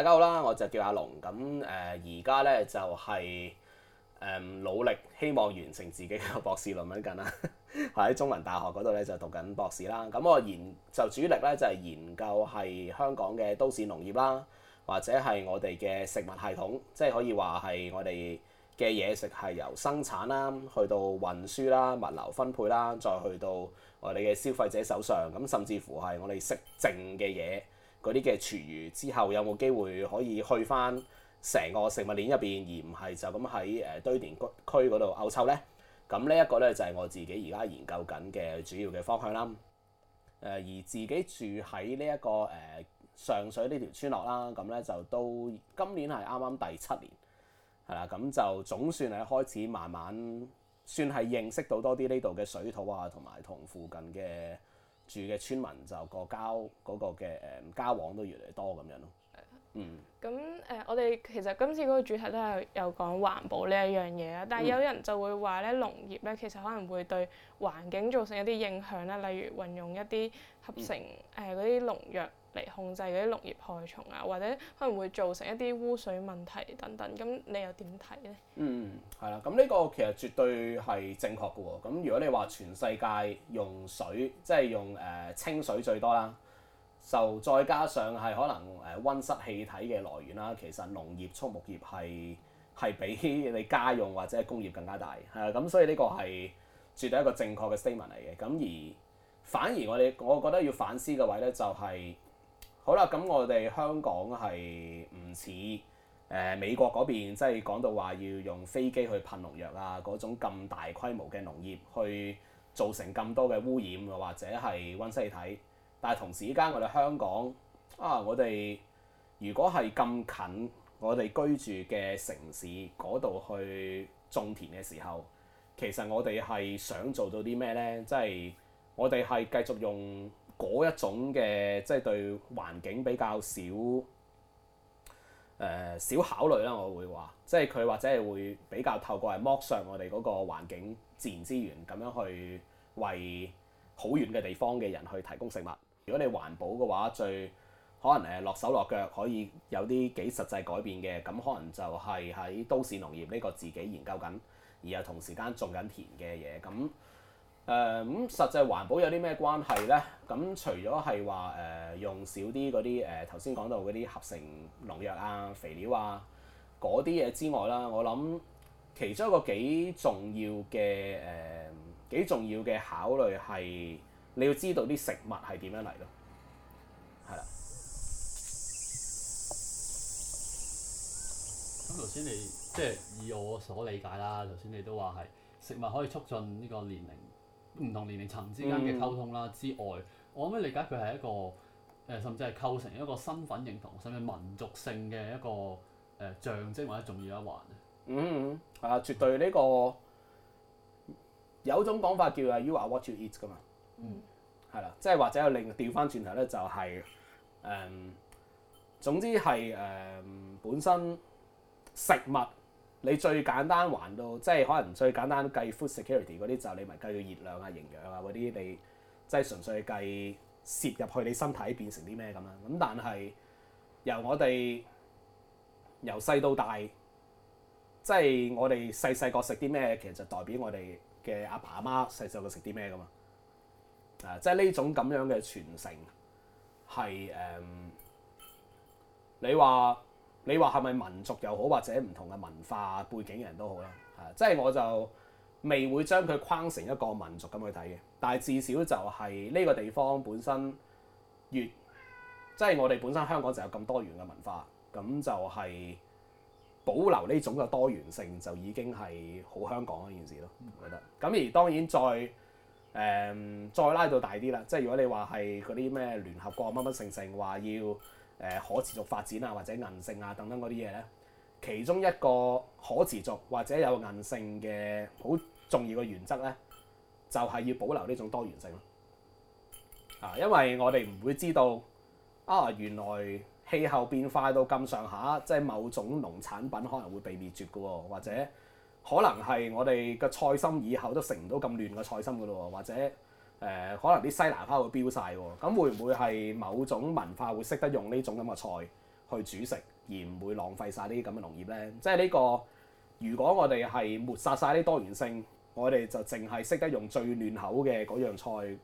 大家好啦，我就叫阿龍。咁誒，而家呢，就係誒努力，希望完成自己嘅博士論文緊啦。喺中文大學嗰度呢，就讀緊博士啦。咁我研就主力呢，就係研究係香港嘅都市農業啦，或者係我哋嘅食物系統，即係可以話係我哋嘅嘢食係由生產啦，去到運輸啦、物流分配啦，再去到我哋嘅消費者手上。咁甚至乎係我哋食剩嘅嘢。嗰啲嘅廚餘之後，有冇機會可以去翻成個食物鏈入邊，而唔係就咁喺誒堆填區嗰度歐臭呢，咁呢一個呢，就係我自己而家研究緊嘅主要嘅方向啦、呃。而自己住喺呢一個誒、呃、上水呢條村落啦，咁呢就到今年係啱啱第七年係啦，咁就總算係開始慢慢算係認識到多啲呢度嘅水土啊，同埋同附近嘅住嘅村民就、個交嗰個嘅誒交往都越嚟越多咁樣咯，嗯，咁誒我哋其實今次嗰個主題都係有講環保呢一樣嘢啊，但係有人就會話咧農業咧其實可能會對環境造成一啲影響啦，例如運用一啲合成誒嗰啲農藥。嗯嚟控制嗰啲農業害蟲啊，或者可能會造成一啲污水問題等等。咁你又點睇呢？嗯，係啦。咁呢個其實絕對係正確嘅喎。咁如果你話全世界用水即係用誒清水最多啦，就再加上係可能誒溫室氣體嘅來源啦。其實農業、畜牧業係係比你家用或者工業更加大。係啊，咁所以呢個係絕對一個正確嘅 statement 嚟嘅。咁而反而我哋我覺得要反思嘅位呢、就係，就係。好啦，咁我哋香港係唔似誒美國嗰邊，即係講到話要用飛機去噴農藥啊，嗰種咁大規模嘅農業去造成咁多嘅污染，又或者係温室氣體。但係同時間，我哋香港啊，我哋如果係咁近我哋居住嘅城市嗰度去種田嘅時候，其實我哋係想做到啲咩呢？即係我哋係繼續用。嗰一種嘅即係對環境比較少誒少考慮啦，我會話，即係佢或者係會比較透過係剝削我哋嗰個環境、自然資源，咁樣去為好遠嘅地方嘅人去提供食物。如果你環保嘅話，最可能誒落手落腳可以有啲幾實際改變嘅，咁可能就係喺都市農業呢個自己研究緊，而又同時間種緊田嘅嘢咁。誒咁、嗯、實際環保有啲咩關係呢？咁、嗯、除咗係話誒用少啲嗰啲誒頭先講到嗰啲合成農藥啊、肥料啊嗰啲嘢之外啦，我諗其中一個幾重要嘅誒幾重要嘅考慮係你要知道啲食物係點樣嚟咯，係啦。咁頭先你即係以我所理解啦，頭先你都話係食物可以促進呢個鄰里。唔同年齡層之間嘅溝通啦，之外，嗯、我可唔可以理解佢係一個誒，甚至係構成一個身份認同，甚至民族性嘅一個誒、呃、象徵或者重要一環。嗯，嗯，啊，絕對呢、呢個、嗯、有種講法叫係 You are what you eat 噶嘛嗯、就是。嗯，係啦，即係或者又另調翻轉頭咧，就係誒，總之係誒、嗯、本身食物。你最簡單還到，即係可能最簡單計 food security 嗰啲，就你咪計佢熱量啊、營養啊嗰啲，你即係純粹計攝入去你身體變成啲咩咁啦。咁但係由我哋由細到大，即係我哋細細個食啲咩，其實就代表我哋嘅阿爸阿媽細細個食啲咩噶嘛。啊，即係呢種咁樣嘅傳承係誒、嗯，你話？你話係咪民族又好，或者唔同嘅文化背景嘅人都好啦，係，即係我就未會將佢框成一個民族咁去睇嘅。但係至少就係呢個地方本身越，即係我哋本身香港就有咁多元嘅文化，咁就係保留呢種嘅多元性就已經係好香港一件事咯，覺得、嗯。咁而當然再誒、嗯、再拉到大啲啦，即係如果你話係嗰啲咩聯合國乜乜成成話要。誒可持續發展啊，或者韌性啊等等嗰啲嘢咧，其中一個可持續或者有韌性嘅好重要嘅原則咧，就係要保留呢種多元性咯。啊，因為我哋唔會知道啊，原來氣候變化到咁上下，即係某種農產品可能會被滅絕嘅喎，或者可能係我哋嘅菜心以後都食唔到咁嫩嘅菜心嘅咯，或者。誒可能啲西蘭花會飆晒喎，咁會唔會係某種文化會識得用呢種咁嘅菜去煮食，而唔會浪費晒呢啲咁嘅農業呢？即係呢個，如果我哋係抹殺晒啲多元性，我哋就淨係識得用最嫩口嘅嗰樣菜，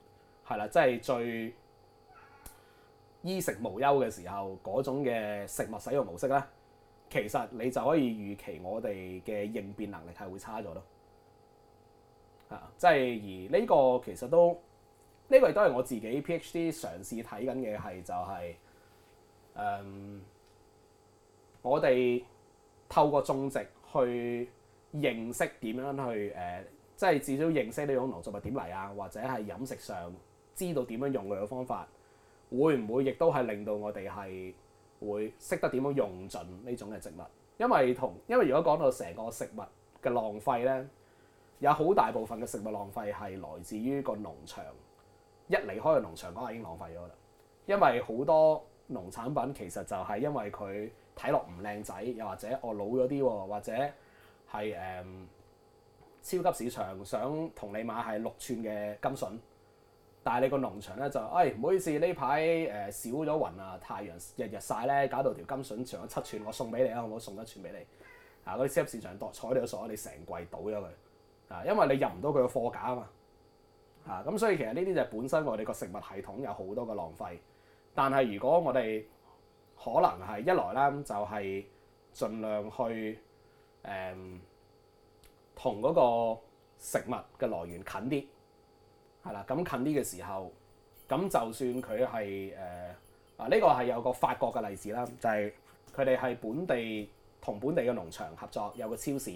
係啦，即係最衣食無憂嘅時候嗰種嘅食物使用模式呢，其實你就可以預期我哋嘅應變能力係會差咗咯。啊！即係而呢個其實都呢、呢個亦都係我自己 PhD 嘗試睇緊嘅係就係、是、誒、嗯、我哋透過種植去認識點樣去誒，即、呃、係至少認識呢種農作物點嚟啊，或者係飲食上知道點樣用佢嘅方法，會唔會亦都係令到我哋係會識得點樣用盡呢種嘅植物？因為同因為如果講到成個食物嘅浪費咧。有好大部分嘅食物浪費係來自於個農場，一離開個農場嗰下已經浪費咗啦。因為好多農產品其實就係因為佢睇落唔靚仔，又或者我老咗啲喎，或者係誒、嗯、超級市場想同你買係六吋嘅金筍，但係你個農場咧就誒唔、哎、好意思，呢排誒少咗雲啊，太陽日日曬咧，搞到條金筍長咗七吋，我送俾你啦，好唔好？送一吋俾你啊！嗰啲超級市場剁彩都傻，你成櫃倒咗佢。啊，因為你入唔到佢個貨架啊嘛，啊咁所以其實呢啲就本身我哋個食物系統有好多嘅浪費，但係如果我哋可能係一來啦，就係盡量去誒同嗰個食物嘅來源近啲，係啦，咁近啲嘅時候，咁就算佢係誒啊呢個係有個法國嘅例子啦，就係佢哋係本地同本地嘅農場合作，有個超市。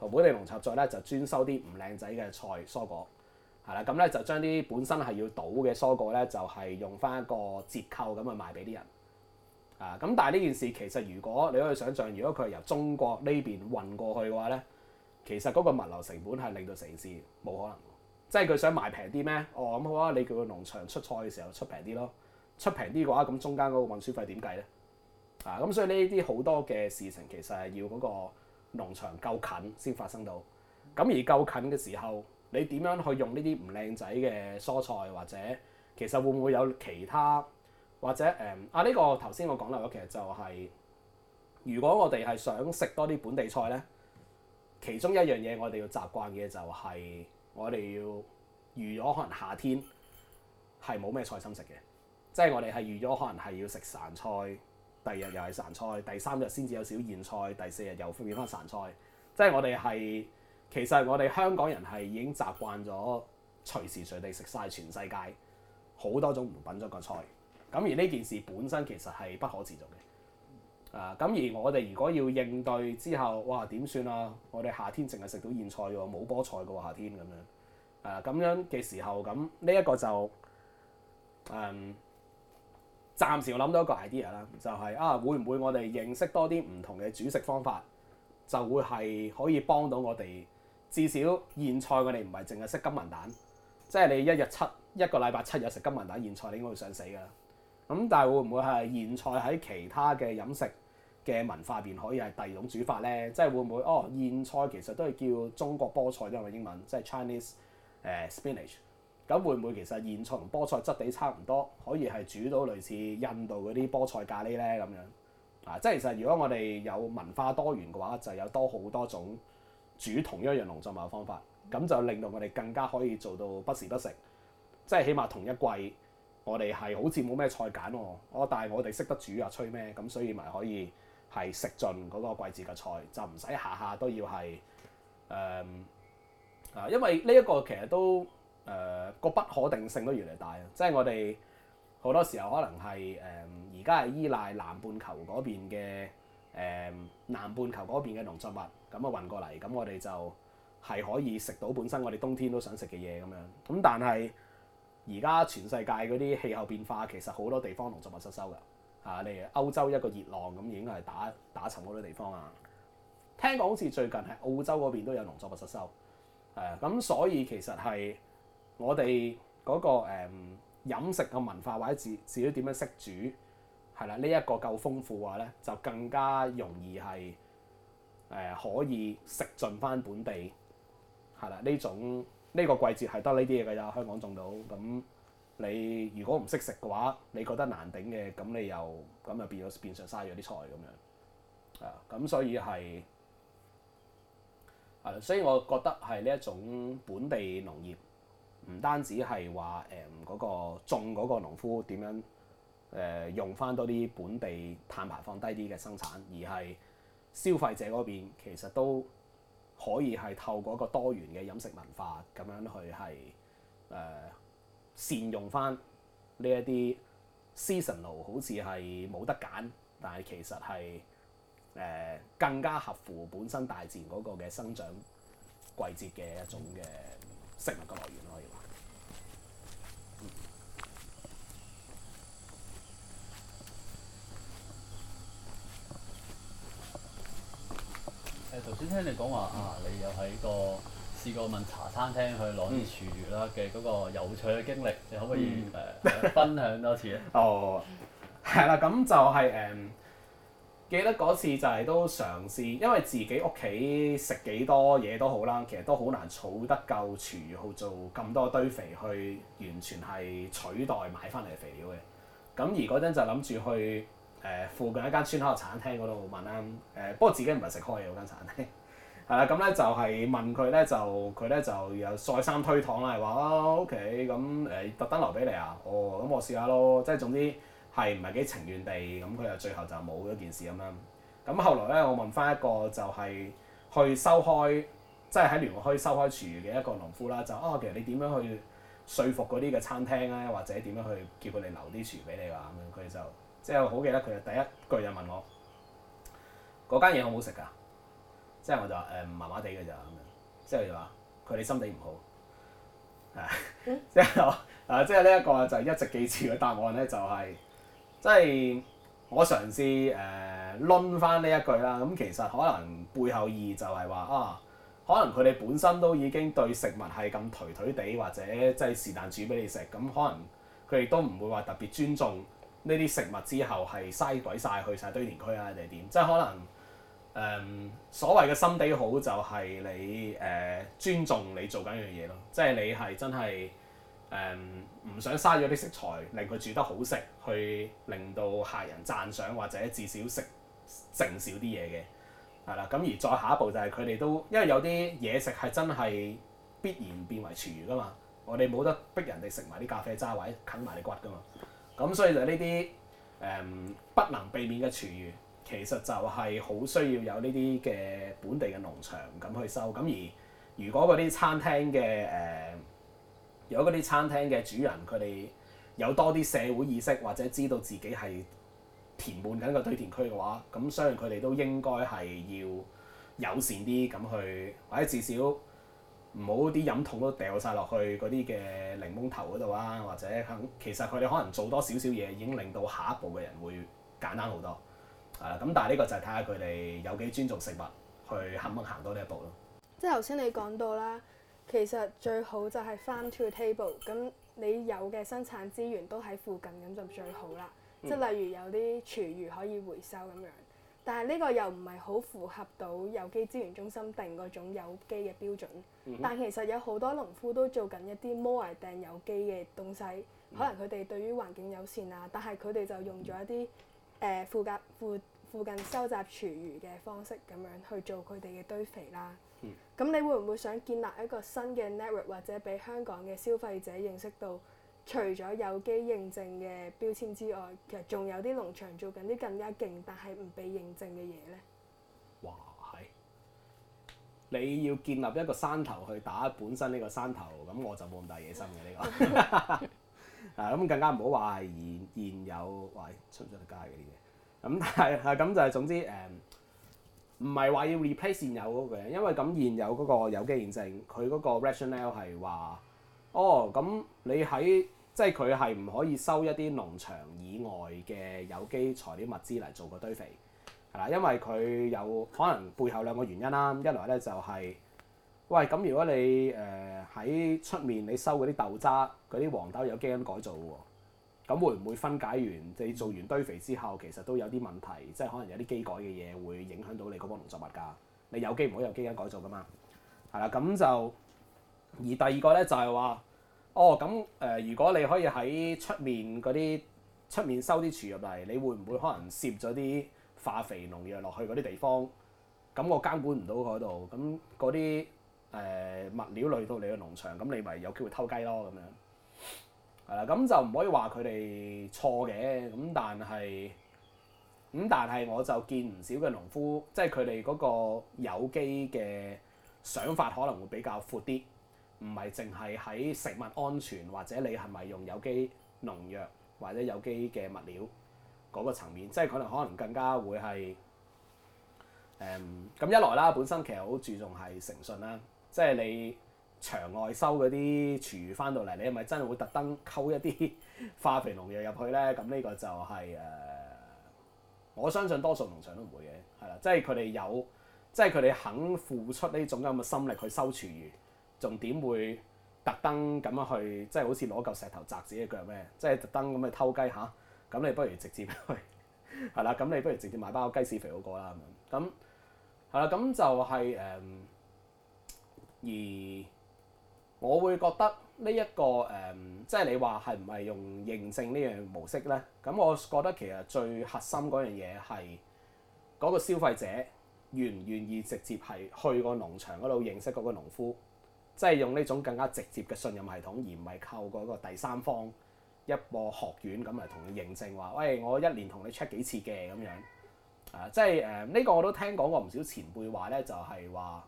淘寶地農合作社咧就專收啲唔靚仔嘅菜蔬果，係啦，咁咧就將啲本身係要倒嘅蔬果咧，就係用翻一個折扣咁去賣俾啲人。啊，咁但係呢件事其實如果你可以想象，如果佢係由中國呢邊運過去嘅話咧，其實嗰個物流成本係令到城市冇可能。即係佢想賣平啲咩？哦，咁好啊，你叫個農場出菜嘅時候出平啲咯，出平啲嘅話，咁中間嗰個運輸費點計咧？啊，咁所以呢啲好多嘅事情其實係要嗰個農場夠近先發生到，咁而夠近嘅時候，你點樣去用呢啲唔靚仔嘅蔬菜，或者其實會唔會有其他或者誒、嗯、啊？呢、這個頭先我講到嘅，其實就係、是、如果我哋係想食多啲本地菜呢，其中一樣嘢我哋要習慣嘅就係、是、我哋要預咗可能夏天係冇咩菜心食嘅，即、就、係、是、我哋係預咗可能係要食散菜。第二日又係潺菜，第三日先至有少莧菜，第四日又變翻潺菜。即係我哋係其實我哋香港人係已經習慣咗隨時隨地食晒全世界好多種唔同品種嘅菜。咁而呢件事本身其實係不可持續嘅。啊，咁而我哋如果要應對之後，哇點算啊？我哋夏天淨係食到莧菜喎，冇菠菜㗎喎，夏天咁樣。誒、啊、咁樣嘅時候，咁呢一個就誒。嗯暫時我諗到一個 idea 啦，就是，就係啊，會唔會我哋認識多啲唔同嘅煮食方法，就會係可以幫到我哋，至少莧菜我哋唔係淨係識金文蛋，即係你一日七一個禮拜七日食金文蛋莧菜，你應該會想死㗎啦。咁、嗯、但係會唔會係莧菜喺其他嘅飲食嘅文化入面可以係第二種煮法呢？即係會唔會哦莧菜其實都係叫中國菠菜啦，個英文即係、就是、Chinese 誒、uh, spinach。咁會唔會其實莧菜同菠菜質地差唔多，可以係煮到類似印度嗰啲菠菜咖喱呢？咁樣？啊，即係其實如果我哋有文化多元嘅話，就有多好多種煮同一樣農作物嘅方法，咁就令到我哋更加可以做到不時不食。即係起碼同一季，我哋係好似冇咩菜揀喎。但我但係我哋識得煮啊，吹咩？咁所以咪可以係食盡嗰個季節嘅菜，就唔使下下都要係誒、嗯、因為呢一個其實都～誒、呃那個不可定性都越嚟越大啊！即係我哋好多時候可能係誒而家係依賴南半球嗰邊嘅誒、呃、南半球嗰邊嘅農作物咁啊運過嚟，咁我哋就係可以食到本身我哋冬天都想食嘅嘢咁樣。咁但係而家全世界嗰啲氣候變化，其實好多地方農作物失收㗎嚇。例、啊、如歐洲一個熱浪咁已經係打打沉好多地方啊。聽講好似最近係澳洲嗰邊都有農作物失收誒。咁、啊、所以其實係。我哋嗰個誒飲食嘅文化，或者自至於點樣識煮，係啦，呢一個夠豐富嘅話咧，就更加容易係誒可以食盡翻本地，係啦，呢種呢個季節係得呢啲嘢㗎咋，香港種到咁。你如果唔識食嘅話，你覺得難頂嘅，咁你又咁又變咗變上嘥咗啲菜咁樣。啊，咁所以係啊，所以我覺得係呢一種本地農業。唔單止係話誒嗰個種嗰個農夫點樣誒、呃、用翻多啲本地碳排放低啲嘅生產，而係消費者嗰邊其實都可以係透過一個多元嘅飲食文化咁樣去係誒、呃、善用翻呢一啲 seasonal 好似係冇得揀，但係其實係誒、呃、更加合乎本身大自然嗰個嘅生長季節嘅一種嘅食物嘅來源咯。頭先聽你講話啊，你又喺個試過問茶餐廳去攞啲廚餘啦嘅嗰個有趣嘅經歷，你可唔可以誒、呃、 分享多次咧？哦，係啦，咁就係、是、誒、嗯，記得嗰次就係都嘗試，因為自己屋企食幾多嘢都好啦，其實都好難儲得夠廚餘去做咁多堆肥，去完全係取代買翻嚟嘅肥料嘅。咁而嗰陣就諗住去。誒附近一間村口嘅餐廳嗰度問啦，誒不過自己唔係食開嘅嗰間餐廳，係啦咁咧就係問佢咧就佢咧就又再三推搪啦，係話啊 OK 咁誒特登留俾你啊，okay, 你你哦咁我試下咯，即係總之係唔係幾情願地咁佢又最後就冇咗件事咁樣。咁後來咧我問翻一個就係、是、去收開，即係喺聯和墟收開廚餘嘅一個農夫啦，就啊其實你點樣去說服嗰啲嘅餐廳咧，或者點樣去叫佢哋留啲廚餘俾你啊咁樣佢就。即係我好記得佢啊！第一句就問我：嗰間嘢好唔好食㗎？即係我就話誒麻麻地嘅咋咁樣。之、嗯、後就話佢哋心地唔好，係即係啊！即係呢一個就一直記住嘅答案咧、就是，就係即係我嘗試誒論翻呢一句啦。咁其實可能背後意義就係話啊，可能佢哋本身都已經對食物係咁頹頹地，或者即係是但煮俾你食，咁可能佢哋都唔會話特別尊重。呢啲食物之後係嘥鬼晒去晒堆填區啊定係點？即係可能誒、嗯、所謂嘅心地好就係你誒、呃、尊重你做緊樣嘢咯，即係你係真係誒唔想嘥咗啲食材令佢煮得好食，去令到客人讚賞或者至少食剩少啲嘢嘅係啦。咁而再下一步就係佢哋都因為有啲嘢食係真係必然變為廚餘㗎嘛，我哋冇得逼人哋食埋啲咖啡渣或者啃埋啲骨㗎嘛。咁所以就呢啲誒不能避免嘅廚餘，其實就係好需要有呢啲嘅本地嘅農場咁去收。咁而如果嗰啲餐廳嘅誒、嗯，如果嗰啲餐廳嘅主人佢哋有多啲社會意識，或者知道自己係填滿緊個堆填區嘅話，咁相信佢哋都應該係要友善啲咁去，或者至少。唔好啲飲筒都掉晒落去嗰啲嘅檸檬頭嗰度啊，或者肯，其實佢哋可能做多少少嘢，已經令到下一步嘅人會簡單好多，係啦。咁但係呢個就係睇下佢哋有幾尊重食物，去肯唔肯行多呢一步咯。即係頭先你講到啦，其實最好就係 farm to table。咁你有嘅生產資源都喺附近，咁就最好啦。即係例如有啲廚餘可以回收咁樣。但係呢個又唔係好符合到有機資源中心定嗰種有機嘅標準。Mm hmm. 但其實有好多農夫都做緊一啲 more than 有機嘅東西，可能佢哋對於環境友善啊，但係佢哋就用咗一啲誒附隔附附近收集廚餘嘅方式咁樣去做佢哋嘅堆肥啦。咁、mm hmm. 你會唔會想建立一個新嘅 network 或者俾香港嘅消費者認識到？除咗有機認證嘅標籤之外，其實仲有啲農場做緊啲更加勁，但係唔被認證嘅嘢咧。哇係！你要建立一個山頭去打本身呢個山頭，咁我就冇咁大野心嘅呢個。啊，咁更加唔好話現現有喂出唔出得街嘅啲嘢。咁但係係咁就係總之誒，唔係話要 replace 現有嗰個，因為咁現有嗰個有機認證，佢嗰個 rationale 係話，哦咁你喺。即係佢係唔可以收一啲農場以外嘅有機材料物資嚟做個堆肥，係啦，因為佢有可能背後兩個原因啦。一來咧就係、是，喂，咁如果你誒喺出面你收嗰啲豆渣，嗰啲黃豆有基因改造嘅喎，咁會唔會分解完即做完堆肥之後，其實都有啲問題，即係可能有啲基改嘅嘢會影響到你嗰幫農作物㗎？你有機唔可以有基因改造㗎嘛？係啦，咁就而第二個咧就係、是、話。哦，咁誒、呃，如果你可以喺出面嗰啲出面收啲廚餘入嚟，你會唔會可能攝咗啲化肥農藥落去嗰啲地方？咁我監管唔到嗰度，咁嗰啲誒物料攞到你嘅農場，咁你咪有機會偷雞咯咁樣，係啦，咁就唔可以話佢哋錯嘅，咁但係，咁但係我就見唔少嘅農夫，即係佢哋嗰個有機嘅想法可能會比較闊啲。唔係淨係喺食物安全，或者你係咪用有機農藥或者有機嘅物料嗰、那個層面，即係可能可能更加會係誒咁一來啦，本身其實好注重係誠信啦，即係你場外收嗰啲廚餘翻到嚟，你係咪真係會特登溝一啲化肥農藥入去咧？咁呢個就係、是、誒、呃，我相信多數農場都唔會嘅，係啦，即係佢哋有，即係佢哋肯付出呢種咁嘅心力去收廚餘。重點會特登咁樣去，即係好似攞嚿石頭砸自己腳咩？即係特登咁去偷雞吓？咁、啊、你不如直接去係啦。咁 你不如直接買包雞屎肥嗰個啦咁。咁係啦。咁就係、是、誒、嗯。而我會覺得呢、這、一個誒、嗯，即係你話係唔係用認證呢樣模式咧？咁我覺得其實最核心嗰樣嘢係嗰個消費者願唔願意直接係去個農場嗰度認識嗰個農夫。即係用呢種更加直接嘅信任系統，而唔係靠嗰個第三方一個學院咁嚟同佢認證。話喂，我一年同你 check 幾次嘅咁樣啊，即係誒呢個我都聽講過唔少前輩話呢，就係話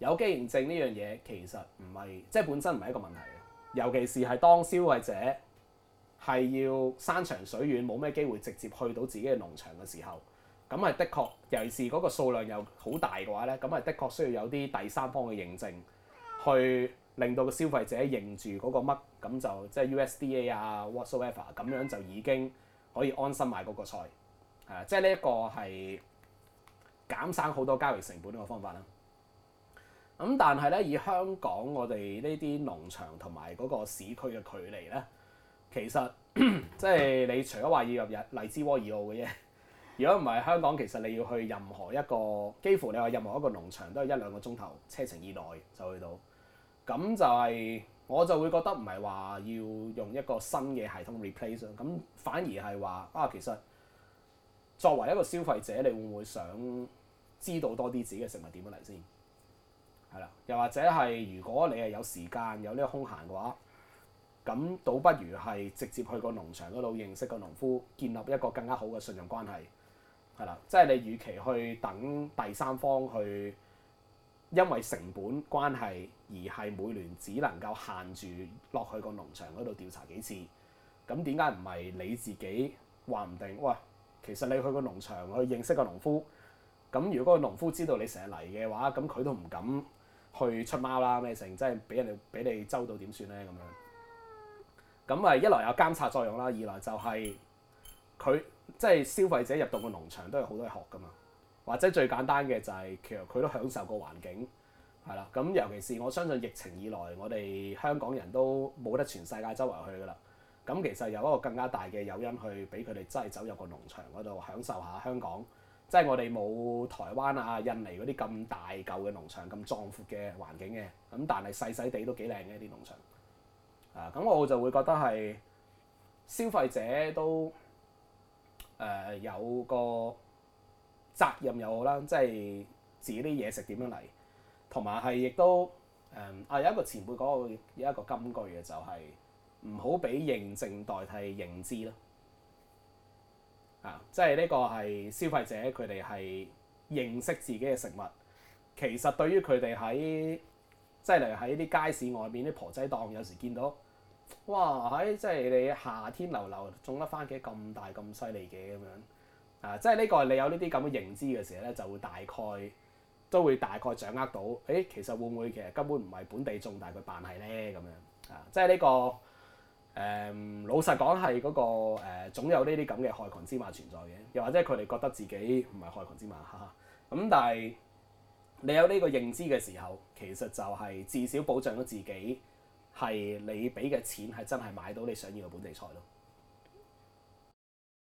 有機認證呢樣嘢其實唔係，即係本身唔係一個問題。尤其是係當消費者係要山長水遠冇咩機會直接去到自己嘅農場嘅時候，咁係的確，尤其是嗰個數量又好大嘅話呢，咁係的確需要有啲第三方嘅認證。去令到個消費者認住嗰個乜，咁就即係 USDA 啊，whatsoever 咁樣就已經可以安心買嗰個菜係、啊、即係呢一個係減省好多交易成本嘅方法啦。咁、啊、但係咧，以香港我哋呢啲農場同埋嗰個市區嘅距離咧，其實 即係你除咗話要入日荔枝窩二號嘅啫。如果唔係香港，其實你要去任何一個，幾乎你話任何一個農場都係一兩個鐘頭車程以內就去到。咁就係，我就會覺得唔係話要用一個新嘅系統 replace 咁，反而係話啊，其實作為一個消費者，你會唔會想知道多啲自己嘅食物點樣嚟先？係啦，又或者係如果你係有時間有呢個空閒嘅話，咁倒不如係直接去個農場嗰度認識個農夫，建立一個更加好嘅信任關係。係啦，即係你與其去等第三方去，因為成本關係而係每年只能夠限住落去個農場嗰度調查幾次。咁點解唔係你自己？話唔定，喂，其實你去個農場去認識個農夫，咁如果個農夫知道你成日嚟嘅話，咁佢都唔敢去出貓啦咩成即係俾人哋俾你周到點算呢？咁樣。咁咪一來有監察作用啦，二來就係佢。即係消費者入到個農場都有好多嘢學噶嘛，或者最簡單嘅就係，其實佢都享受個環境，係啦。咁尤其是我相信疫情以來，我哋香港人都冇得全世界周圍去噶啦。咁其實有一個更加大嘅誘因，去俾佢哋真係走入個農場嗰度享受下香港。即係我哋冇台灣啊、印尼嗰啲咁大嚿嘅農場、咁壯闊嘅環境嘅。咁但係細細地都幾靚嘅啲農場。咁、啊、我就會覺得係消費者都。誒、呃、有個責任又好啦，即係自己啲嘢食點樣嚟，同埋係亦都誒啊、呃！有一個前輩講一一個金句嘅就係唔好俾認證代替認知咯，啊！即係呢個係消費者佢哋係認識自己嘅食物，其實對於佢哋喺即係例如喺啲街市外面啲婆仔檔有時見到。哇！喺即係你夏天流流種粒番茄咁大咁犀利嘅咁樣啊！即係呢、這個你有呢啲咁嘅認知嘅時候咧，就會大概都會大概掌握到，誒、欸、其實會唔會其實根本唔係本地種，但佢扮係咧咁樣啊！即係呢、這個誒、嗯、老實講係嗰個誒、呃、總有呢啲咁嘅害群之馬存在嘅，又或者佢哋覺得自己唔係害群之馬哈，咁，但係你有呢個認知嘅時候，其實就係至少保障咗自己。係你俾嘅錢，係真係買到你想要嘅本地菜咯。